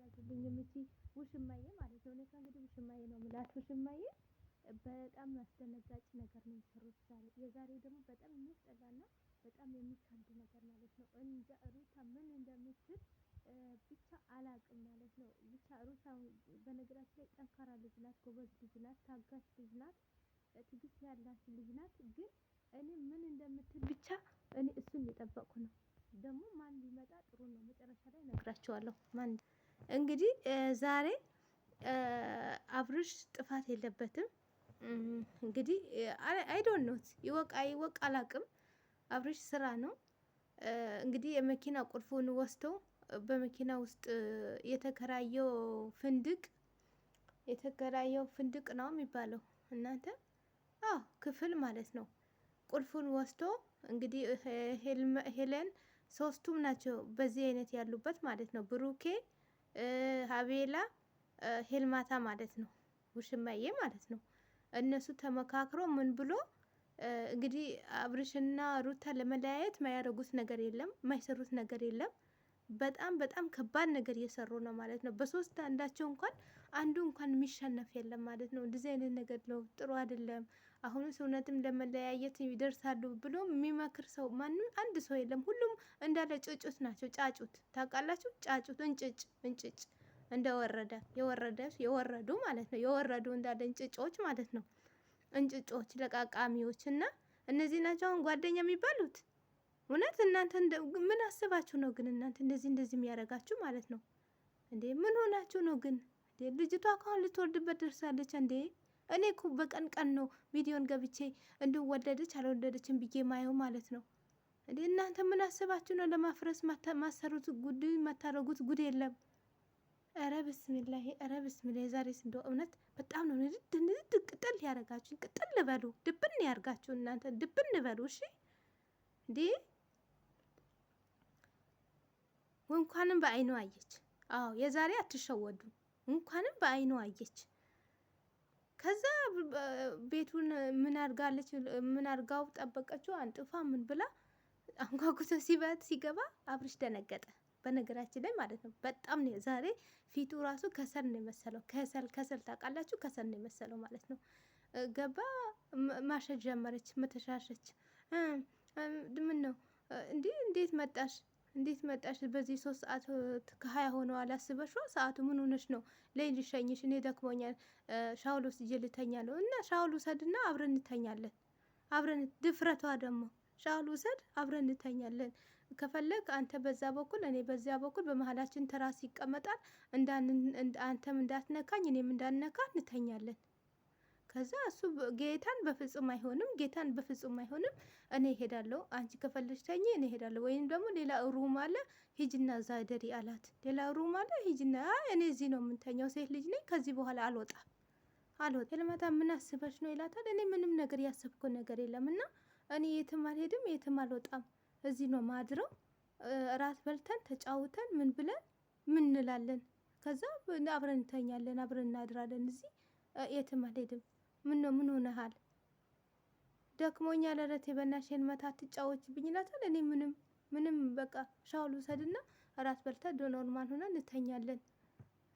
አያዙልኝም እቺ ውሽማዬ ማለት ነው። እኔ ከእንግዲህ ውሽማዬ ነው የምላት። ውሽማዬ በጣም አስደነጋጭ ነገር ነው የሰሩት ዛሬ። የዛሬው ደግሞ በጣም የሚያስጠላና በጣም የሚከብድ ነገር ማለት ነው። እንጃ ሩታ ምን እንደምትል ብቻ አላቅም ማለት ነው። ብቻ ሩታ በነገራችን ላይ ጠንካራ ልጅ ናት፣ ጎበዝ ልጅ ናት፣ ታጋሽ ልጅ ናት፣ ትዕግስት ያላት ልጅ ናት። ግን እኔ ምን እንደምትል ብቻ እኔ እሱን የጠበቅኩ ነው። ደግሞ ማን ሊመጣ ጥሩ ነው መጨረሻ ላይ እነግራቸዋለሁ ማን እንግዲህ ዛሬ አብርሽ ጥፋት የለበትም። እንግዲህ አይዶኖት ይወቃ ይወቅ አላቅም። አብርሽ ስራ ነው እንግዲህ የመኪና ቁልፉን ወስዶ በመኪና ውስጥ የተከራየው ፍንድቅ የተከራየው ፍንድቅ ነው የሚባለው እናንተ አዎ ክፍል ማለት ነው። ቁልፉን ወስዶ እንግዲህ ሄለን ሶስቱም ናቸው በዚህ አይነት ያሉበት ማለት ነው ብሩኬ ሀቤላ ሄልማታ ማለት ነው፣ ውሽማዬ ማለት ነው። እነሱ ተመካክሮ ምን ብሎ እንግዲህ አብርሽና ሩታ ለመለያየት የማያደርጉት ነገር የለም፣ የማይሰሩት ነገር የለም። በጣም በጣም ከባድ ነገር እየሰሩ ነው ማለት ነው። በሶስት አንዳቸው እንኳን አንዱ እንኳን የሚሸነፍ የለም ማለት ነው። እንደዚህ አይነት ነገር ነው፣ ጥሩ አይደለም። አሁንስ ሰውነትም ለመለያየት ይደርሳሉ ብሎ የሚመክር ሰው ማንም አንድ ሰው የለም። ሁሉም እንዳለ ጭጩት ናቸው። ጫጩት ታውቃላችሁ? ጫጩት እንጭጭ እንጭጭ እንደወረደ የወረደ የወረዱ ማለት ነው። የወረዱ እንዳለ እንጭጮች ማለት ነው። እንጭጮች ለቃቃሚዎች እና እነዚህ ናቸው አሁን ጓደኛ የሚባሉት። እውነት እናንተ ምን አስባችሁ ነው ግን እናንተ እንደዚህ እንደዚህ የሚያደርጋችሁ ማለት ነው እንዴ? ምን ሆናችሁ ነው ግን? ልጅቷ ካሁን ልትወርድበት ደርሳለች እንዴ? እኔ እኮ በቀን ቀን ነው ቪዲዮን ገብቼ እንዲሁ ወደደች አልወደደችም ብዬ ማየው ማለት ነው። እንዴ እናንተ ምን አስባችሁ ነው? ለማፍረስ ማሰሩት ጉድ የማታረጉት ጉድ የለም። ረ ብስሚላ ረ ብስሚላ። የዛሬ ስንዶ እውነት በጣም ነው ንድድ ንድድ ቅጥል ያደረጋችሁ። ቅጥል በሉ ድብን ያርጋችሁ እናንተ ድብን በሉ እሺ። እንዴ እንኳንም በአይኑ አየች። አዎ የዛሬ አትሸወዱ። እንኳንም በአይኑ አየች። ከዛ ቤቱን ምን አድርጋለች? ምን አድርጋው ጠበቀችው? አንጥፋ ምን ብላ አንጓጉቶ ሲበት ሲገባ አብርሽ ደነገጠ። በነገራችን ላይ ማለት ነው በጣም ነው ዛሬ ፊቱ ራሱ ከሰል ነው የመሰለው። ከሰል ከሰል ታውቃላችሁ፣ ከሰል ነው የመሰለው ማለት ነው። ገባ ማሸት ጀመረች፣ መተሻሸች። ምን ነው እንዲህ እንዴት መጣሽ እንዴት መጣሽ? በዚህ ሶስት ሰዓት ከሀያ ሆነው አላስበሽ ሰዓቱ ምን ሆነሽ ነው? ለይ ልሸኝሽ፣ እኔ ደክሞኛል፣ ሻውል ወስጄ ልተኛ ነው እና ሻውል ውሰድና አብረን እንተኛለን። አብረን ድፍረቷ ደግሞ ሻውል ውሰድ፣ አብረን እንተኛለን። ከፈለግ አንተ በዛ በኩል እኔ በዚያ በኩል በመሀላችን ትራስ ይቀመጣል። አንተም እንዳትነካኝ፣ እኔም እንዳትነካ እንተኛለን። ከዛ እሱ ጌታን በፍጹም አይሆንም፣ ጌታን በፍጹም አይሆንም፣ እኔ ሄዳለሁ፣ አንቺ ከፈለሽ ተኝ፣ እኔ ሄዳለሁ። ወይም ደግሞ ሌላ ሩም አለ ሂጅና እዛ ደሪ አላት። ሌላ ሩም አለ ሂጅና፣ እኔ እዚህ ነው የምንተኛው፣ ሴት ልጅ ነኝ፣ ከዚህ በኋላ አልወጣም አልወጣ ልማታ ምን አስበሽ ነው ይላታል። እኔ ምንም ነገር ያሰብኩ ነገር የለም እና እኔ የትም አልሄድም፣ የትም አልወጣም፣ እዚህ ነው ማድረው፣ እራት በልተን ተጫውተን ምን ብለን ምን እንላለን፣ ከዛ አብረን እንተኛለን፣ አብረን እናድራለን፣ እዚህ የትም አልሄድም ምን ነው ምን ሆነሃል? ደክሞኛ ለረቴ በናሽ ልመታ ትጫወችብኝ ይላታል። እኔ ምንም ምንም በቃ ሻውል ውሰድና እራት በልታ ዶኖርማል ሆና እንተኛለን።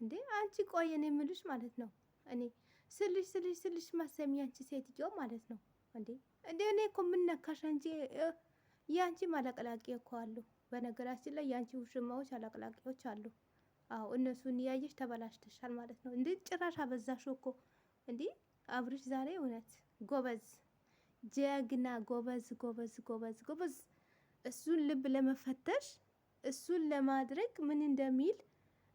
እንዴ አንቺ ቆይ እኔ ምልሽ ማለት ነው እኔ ስልሽ ስልሽ ስልሽ ማሰሚ አንቺ ሴትዮ ማለት ነው እንዴ እንዴ እኔ እኮ የምነካሽ እንጂ የአንቺ አለቅላቂ እኮ አሉ። በነገራችን ላይ የአንቺ ውሽማዎች አለቅላቂዎች አሉ። አዎ እነሱን እያየሽ ተበላሽተሻል ማለት ነው። እንዴ ጭራሽ አበዛሽ እኮ እንዴ አብርሽ ዛሬ እውነት ጎበዝ ጀግና ጎበዝ ጎበዝ ጎበዝ ጎበዝ እሱን ልብ ለመፈተሽ እሱን ለማድረግ ምን እንደሚል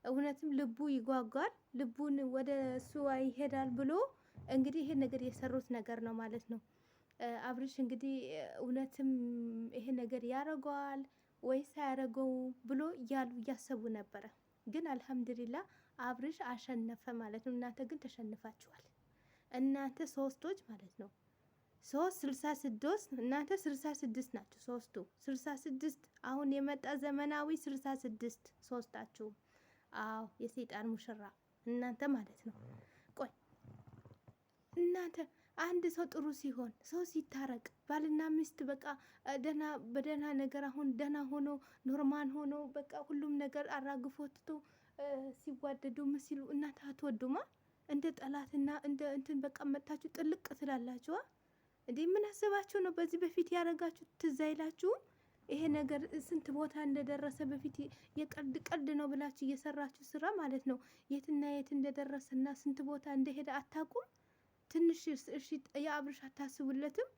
እውነትም ልቡ ይጓጓል። ልቡን ወደ እሱ ይሄዳል ብሎ እንግዲህ ይሄን ነገር የሰሩት ነገር ነው ማለት ነው። አብርሽ እንግዲህ እውነትም ይሄ ነገር ያደረገዋል ወይስ አያደረገው ብሎ እያሉ እያሰቡ ነበረ። ግን አልሐምዱሊላ አብርሽ አሸነፈ ማለት ነው። እናንተ ግን ተሸንፋችኋል። እናንተ ሶስቶች ማለት ነው። ሶስት ስልሳ ስድስት እናንተ ስልሳ ስድስት ናችሁ። ሶስቱ ስልሳ ስድስት አሁን የመጣ ዘመናዊ ስልሳ ስድስት ሶስታችሁም። አዎ የሰይጣን ሙሽራ እናንተ ማለት ነው። ቆይ እናንተ አንድ ሰው ጥሩ ሲሆን ሰው ሲታረቅ ባልና ሚስት በቃ ደና በደና ነገር አሁን ደና ሆኖ ኖርማል ሆኖ በቃ ሁሉም ነገር አራግፎ ትቶ ሲዋደዱ ምስሉ ሲሉ እናንተ አትወዱማ። እንደ ጠላትና እንደ እንትን በቃ መጥታችሁ ጥልቅ ትላላችሁ። እንዴ ምን አስባችሁ ነው በዚህ በፊት ያደረጋችሁ ትዝ አይላችሁም? ይሄ ነገር ስንት ቦታ እንደደረሰ በፊት የቀልድ ቀልድ ነው ብላችሁ እየሰራችሁ ስራ ማለት ነው የትና የት እንደደረሰና ስንት ቦታ እንደሄደ አታውቁም። ትንሽ እሺ የአብርሽ አታስቡለትም፣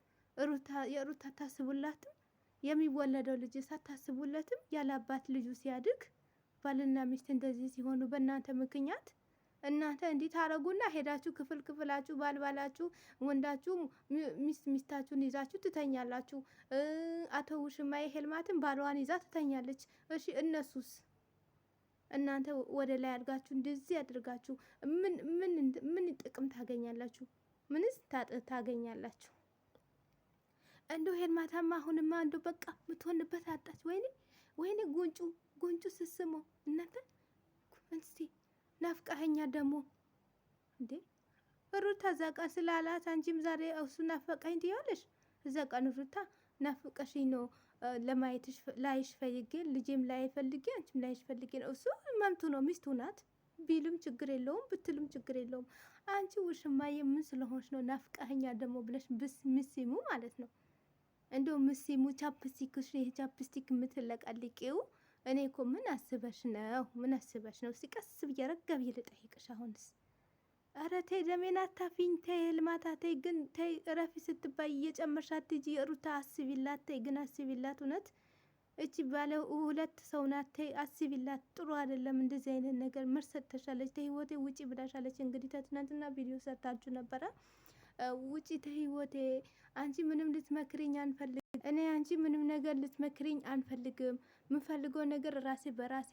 የሩታ አታስቡላትም፣ የሚወለደው ልጅ ሳታስቡለትም። ያለ አባት ልጁ ሲያድግ ባልና ሚስት እንደዚህ ሲሆኑ በእናንተ ምክንያት እናንተ እንዲህ ታረጉና ሄዳችሁ ክፍል ክፍላችሁ ባልባላችሁ ወንዳችሁ ሚስት ሚስታችሁን ይዛችሁ ትተኛላችሁ። አቶ ውሽማዬ ሄልማትን ባሏን ይዛ ትተኛለች። እሺ እነሱስ እናንተ ወደ ላይ አድርጋችሁ እንደዚህ አድርጋችሁ ምን ምን ምን ጥቅም ታገኛላችሁ? ምንስ ታገኛላችሁ? እንዶ ሄልማታማ አሁንማ እንዶ በቃ ምትሆንበት አጣች። ወይኔ ወይኔ ጉንጩ ጉንጩ ስስሞ እናንተ እንስቲ ናፍቃኸኛ ደግሞ እንዴ ሩታ እዛ ስላላት አንቺም ዛሬ እሱ ናፈቀኝ ትያለሽ። እዛ ቀን ሩታ ናፍቀሽኝ ነው ለማየትሽ ላይሽ ፈልጌ ልጄም ላይ ፈልጌ አንቺም ላይሽ ፈልጌ ነው። እሱ መምቱ ነው ሚስቱ ናት ቢልም ችግር የለውም ብትልም ችግር የለውም። አንቺ ውሽማ የምን ስለሆንሽ ነው ናፍቃኸኛ ደግሞ ብለሽ ብስ ምሲሙ ማለት ነው። እንደው ምስሙ ቻፕስቲክ ይሄ ቻፕስቲክ የምትለቀልቂው እኔ እኮ ምን አስበሽ ነው? ምን አስበሽ ነው? ሲቀስ ቀስ ብዬ ረጋ ብዬ ልጠይቅሽ። አሁንስ ኧረ ተይ ደሜን አታፊኝ፣ ተይ ልማታ፣ ተይ ግን ተይ እረፊ ስትባይ እየጨመርሽ አትሂጂ። ሩታ አስቢላት፣ ተይ ግን አስቢላት። እውነት እቺ ባለ ሁለት ሰው ናት፣ ተይ አስቢላት። ጥሩ አይደለም እንደዚህ አይነት ነገር ምር ሰጥተሻለች፣ ተህይወቴ ውጪ ብላሻለች። እንግዲህ ተትናንትና ቪዲዮ ሰርታችሁ ነበረ ውጪ ተህይወቴ፣ አንቺ ምንም ልትመክሪኝ አንፈልግም። እኔ አንቺ ምንም ነገር ልትመክሪኝ አንፈልግም የምፈልገው ነገር ራሴ በራሴ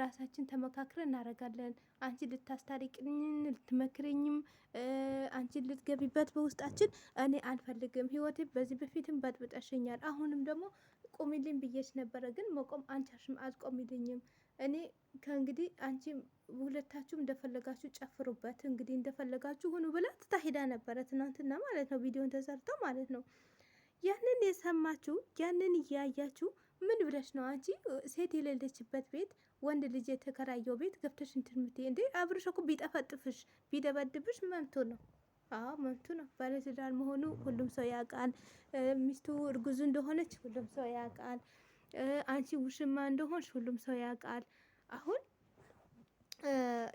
ራሳችን ተመካክረን እናደርጋለን። አንቺ ልታስታሪቅኝ ልትመክረኝም አንቺ ልትገቢበት በውስጣችን እኔ አልፈልግም። ህይወቴ በዚህ በፊትም በጥብጠሽኛል። አሁንም ደግሞ ቁሚልኝ ብዬሽ ነበረ፣ ግን መቆም አንቻሽም፣ አልቆሚልኝም። እኔ ከእንግዲህ አንቺ ሁለታችሁም እንደፈለጋችሁ ጨፍሩበት፣ እንግዲህ እንደፈለጋችሁ ሁኑ ብላ ትታሂዳ ነበረ። ትናንትና ማለት ነው፣ ቪዲዮን ተሰርተው ማለት ነው። ያንን የሰማችሁ ያንን እያያችሁ ምን ብለሽ ነው አንቺ? ሴት የሌለችበት ቤት ወንድ ልጅ የተከራየው ቤት ገብተሽ እንትን እንዴ? አብርሽ እኮ ቢጠፈጥፍሽ ቢደበድብሽ መምቱ ነው። አዎ መምቱ ነው። ባለትዳር መሆኑ ሁሉም ሰው ያውቃል። ሚስቱ እርጉዙ እንደሆነች ሁሉም ሰው ያውቃል። አንቺ ውሽማ እንደሆንሽ ሁሉም ሰው ያውቃል። አሁን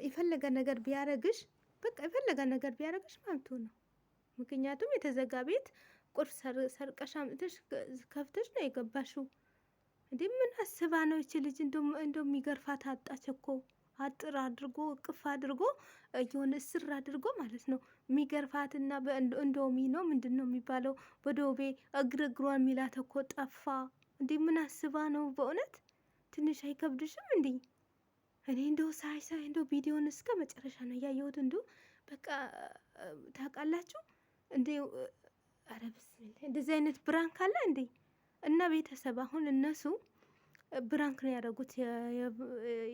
የፈለገ ነገር ቢያረግሽ፣ በቃ የፈለገ ነገር ቢያረግሽ መምቱ ነው። ምክንያቱም የተዘጋ ቤት ቁልፍ ሰርቀሽ አምጥተሽ ከፍተሽ ነው የገባሽው። እንዴ ምን አስባ ነው ይች ልጅ እንደሚገርፋት አጣች እኮ አጥር አድርጎ እቅፍ አድርጎ የሆነ እስር አድርጎ ማለት ነው የሚገርፋትና እንዶሚ ነው ምንድን ነው የሚባለው በዶቤ እግር እግሯን የሚላት እኮ ጠፋ። እንዴ ምን አስባ ነው በእውነት ትንሽ አይከብድሽም እንዴ? እኔ እንደው ሳይ ሳይ እንደው ቪዲዮን እስከ መጨረሻ ነው ያየሁት። እንዶ በቃ ታውቃላችሁ እንዴ ኧረ ብስሚላ እንደዚህ አይነት ብራንክ አለ እንዴ? እና ቤተሰብ አሁን እነሱ ብራንክ ነው ያደረጉት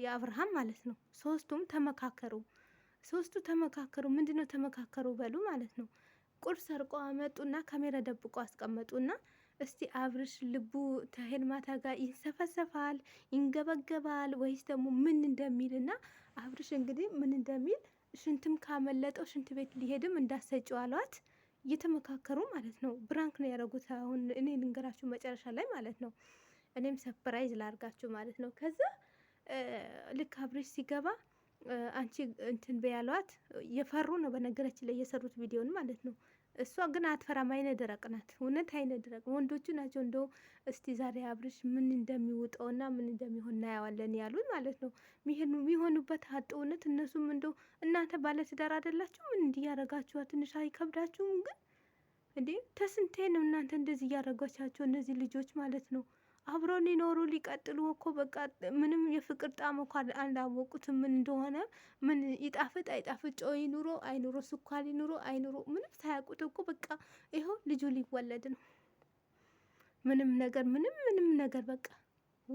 የአብርሃም ማለት ነው። ሶስቱም ተመካከሩ። ሶስቱ ተመካከሩ። ምንድን ነው ተመካከሩ በሉ ማለት ነው። ቁርስ ሰርቆ አመጡና ካሜራ ደብቆ አስቀመጡና እስቲ አብርሽ ልቡ ከሄልማታ ጋር ይንሰፈሰፋል፣ ይንገበገባል ወይስ ደግሞ ምን እንደሚልና አብርሽ እንግዲህ ምን እንደሚል ሽንትም ካመለጠው ሽንት ቤት ሊሄድም እንዳሰጭው አሏት። እየተመካከሩ ማለት ነው። ብራንክ ነው ያደረጉት። አሁን እኔ ልንገራችሁ መጨረሻ ላይ ማለት ነው። እኔም ሰፕራይዝ ላርጋችሁ ማለት ነው። ከዛ ልክ አብሬሽ ሲገባ አንቺ እንትን በያሏት የፈሩ ነው በነገራችን ላይ የሰሩት ቪዲዮን ማለት ነው። እሷ ግን አትፈራም። አይነ ደረቅ ናት። እውነት አይነ ደረቅ ወንዶቹ ናቸው። እንደው እስቲ ዛሬ አብርሽ ምን እና ምን እንደሚሆን እናየዋለን ያሉን ማለት ነው። የሚሆኑበት ሀጥ እውነት እነሱም እንደው እናንተ ባለትዳር አይደላችሁ ምን እንዲያረጋችኋ ትንሽ አይከብዳችሁም? ግን እንዴ ተስንቴ ነው እናንተ እንደዚህ እያረጓቻቸው እነዚህ ልጆች ማለት ነው። አብረው ሊኖሩ ሊቀጥሉ እኮ በቃ ምንም የፍቅር ጣዕም እኮ አላወቁትም። ምን እንደሆነ ምን ይጣፍጥ አይጣፍጥ፣ ጨው ኑሮ አይኑሮ፣ ስኳር ይኑሮ አይኑሮ፣ ምንም ሳያውቁት እኮ በቃ ይኸው ልጁ ሊወለድ ነው። ምንም ነገር ምንም ምንም ነገር በቃ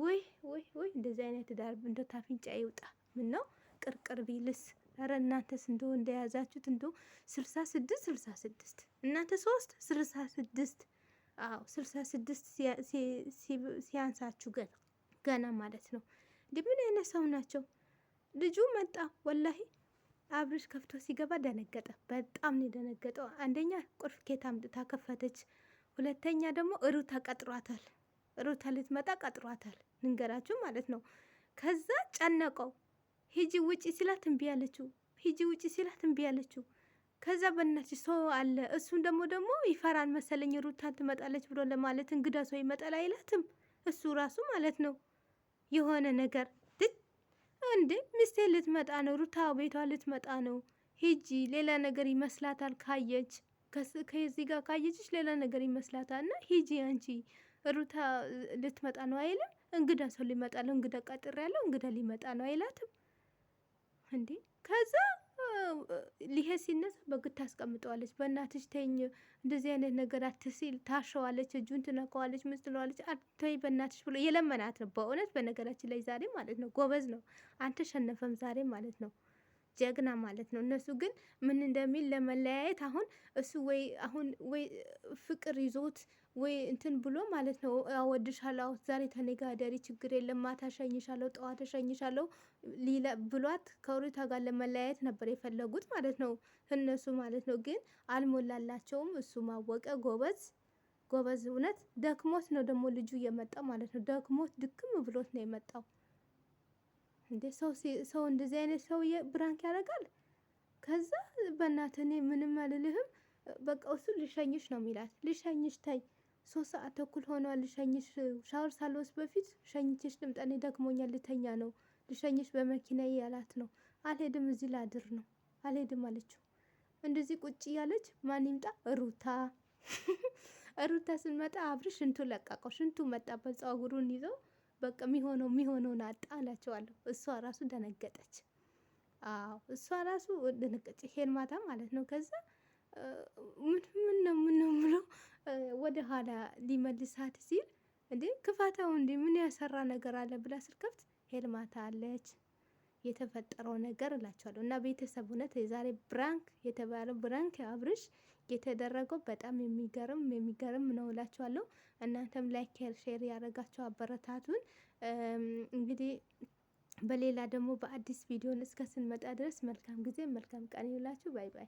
ወይ ወይ ወይ፣ እንደዚህ አይነት ዳር እንደ ታፍንጫ ይውጣ። ምን ነው ቅርቅር ቢልስ? ኧረ እናንተስ እንደው እንደያዛችሁት እንደው ስልሳ ስድስት ስልሳ ስድስት እናንተ ሶስት ስልሳ ስድስት አዎ ስልሳ ስድስት ሲያንሳችሁ ገና ገና ማለት ነው። እንዲህ ምን አይነት ሰው ናቸው? ልጁ መጣ ወላሂ አብርሽ ከፍቶ ሲገባ ደነገጠ። በጣም ነው የደነገጠው። አንደኛ ቁልፍ ኬት አምጥታ ከፈተች፣ ሁለተኛ ደግሞ ሩታ ቀጥሯታል። ሩታ ልትመጣ ቀጥሯታል፣ ልንገራችሁ ማለት ነው። ከዛ ጨነቀው። ሂጂ ውጪ ሲላት እምቢ አለችው። ሂጂ ውጪ ሲላት እምቢ አለችው። ከዛ በእናትሽ ሰው አለ። እሱም ደግሞ ደግሞ ይፈራን መሰለኝ ሩታን ትመጣለች ብሎ ለማለት እንግዳ ሰው ይመጣል አይላትም እሱ ራሱ ማለት ነው። የሆነ ነገር እንዴ ሚስቴ ልትመጣ ነው፣ ሩታ ቤቷ ልትመጣ ነው፣ ሂጂ ሌላ ነገር ይመስላታል ካየች ከዚህ ጋር ካየችሽ ሌላ ነገር ይመስላታል እና ሂጂ አንቺ ሩታ ልትመጣ ነው አይልም። እንግዳ ሰው ሊመጣ ነው፣ እንግዳ ያለው እንግዳ ሊመጣ ነው አይላትም እንዴ ከዛ ሊሄድ ሲነሳ በግድ ታስቀምጠዋለች። በእናትሽ ተኝ፣ እንደዚህ አይነት ነገር አትሲል፣ ታሸዋለች፣ እጁን ትነካዋለች፣ ምን ትለዋለች፣ አትተይ በእናትሽ ብሎ የለመናት ነው። በእውነት በነገራችን ላይ ዛሬ ማለት ነው ጎበዝ ነው። አልተሸነፈም ዛሬ ማለት ነው። ጀግና ማለት ነው። እነሱ ግን ምን እንደሚል ለመለያየት አሁን እሱ ወይ አሁን ወይ ፍቅር ይዞት ወይ እንትን ብሎ ማለት ነው አወድሻለሁ፣ ዛሬ ተነጋደሪ፣ ችግር የለም፣ ማታ ሸኝሻለሁ፣ ጠዋት ሸኝሻለሁ ሊለ ብሏት ከሩታ ጋር ለመለያየት ነበር የፈለጉት ማለት ነው እነሱ ማለት ነው። ግን አልሞላላቸውም። እሱ ማወቀ ጎበዝ ጎበዝ እውነት ደክሞት ነው ደግሞ ልጁ የመጣው ማለት ነው። ደክሞት ድክም ብሎት ነው የመጣው። እንዴ ሰው ሰው እንደዚህ አይነት ሰው ብራንክ ያደርጋል። ከዛ በእናትህ እኔ ምንም አልልህም፣ በቃ እሱ ልሸኝሽ ነው የሚላት። ልሸኝሽ ታይ ሶስት ሰዓት ተኩል ሆኗል፣ ልሸኝሽ ሻወር ሳልወስድ በፊት ሸኝቼሽ ልምጣ፣ እኔ ደክሞኛል፣ ልተኛ ነው፣ ልሸኝሽ በመኪና ያላት ነው። አልሄድም፣ እዚህ ላድር ነው፣ አልሄድም አለችው። እንደዚህ ቁጭ እያለች ማን ይምጣ? ሩታ ሩታ ስንመጣ አብርሽ ሽንቱ ለቃቀው፣ ሽንቱ መጣበት፣ ጸጉሩን ይዘው በቃ የሚሆነው የሚሆነውን አጣ እላቸዋለሁ። እሷ ራሱ ደነገጠች። አዎ እሷ ራሱ ደነገጠች። ይሄን ማታ ማለት ነው። ከዛ ምን ነው ምን ነው ብሎ ወደ ኋላ ሊመልሳት ሲል እንዴ ክፋታው እንዴ ምን ያሰራ ነገር አለ ብላ ስልከፍት ሄልማታ አለች። የተፈጠረው ነገር እላቸዋለሁ እና ቤተሰብ እውነት የዛሬ ብራንክ የተባለው ብራንክ አብርሽ የተደረገው በጣም የሚገርም የሚገርም ነው እላችኋለሁ። እናንተም ላይክ፣ ሼር ያደረጋችሁ አበረታቱን። እንግዲህ በሌላ ደግሞ በአዲስ ቪዲዮን እስከ ስንመጣ ድረስ መልካም ጊዜ መልካም ቀን ይውላችሁ። ባይ ባይ።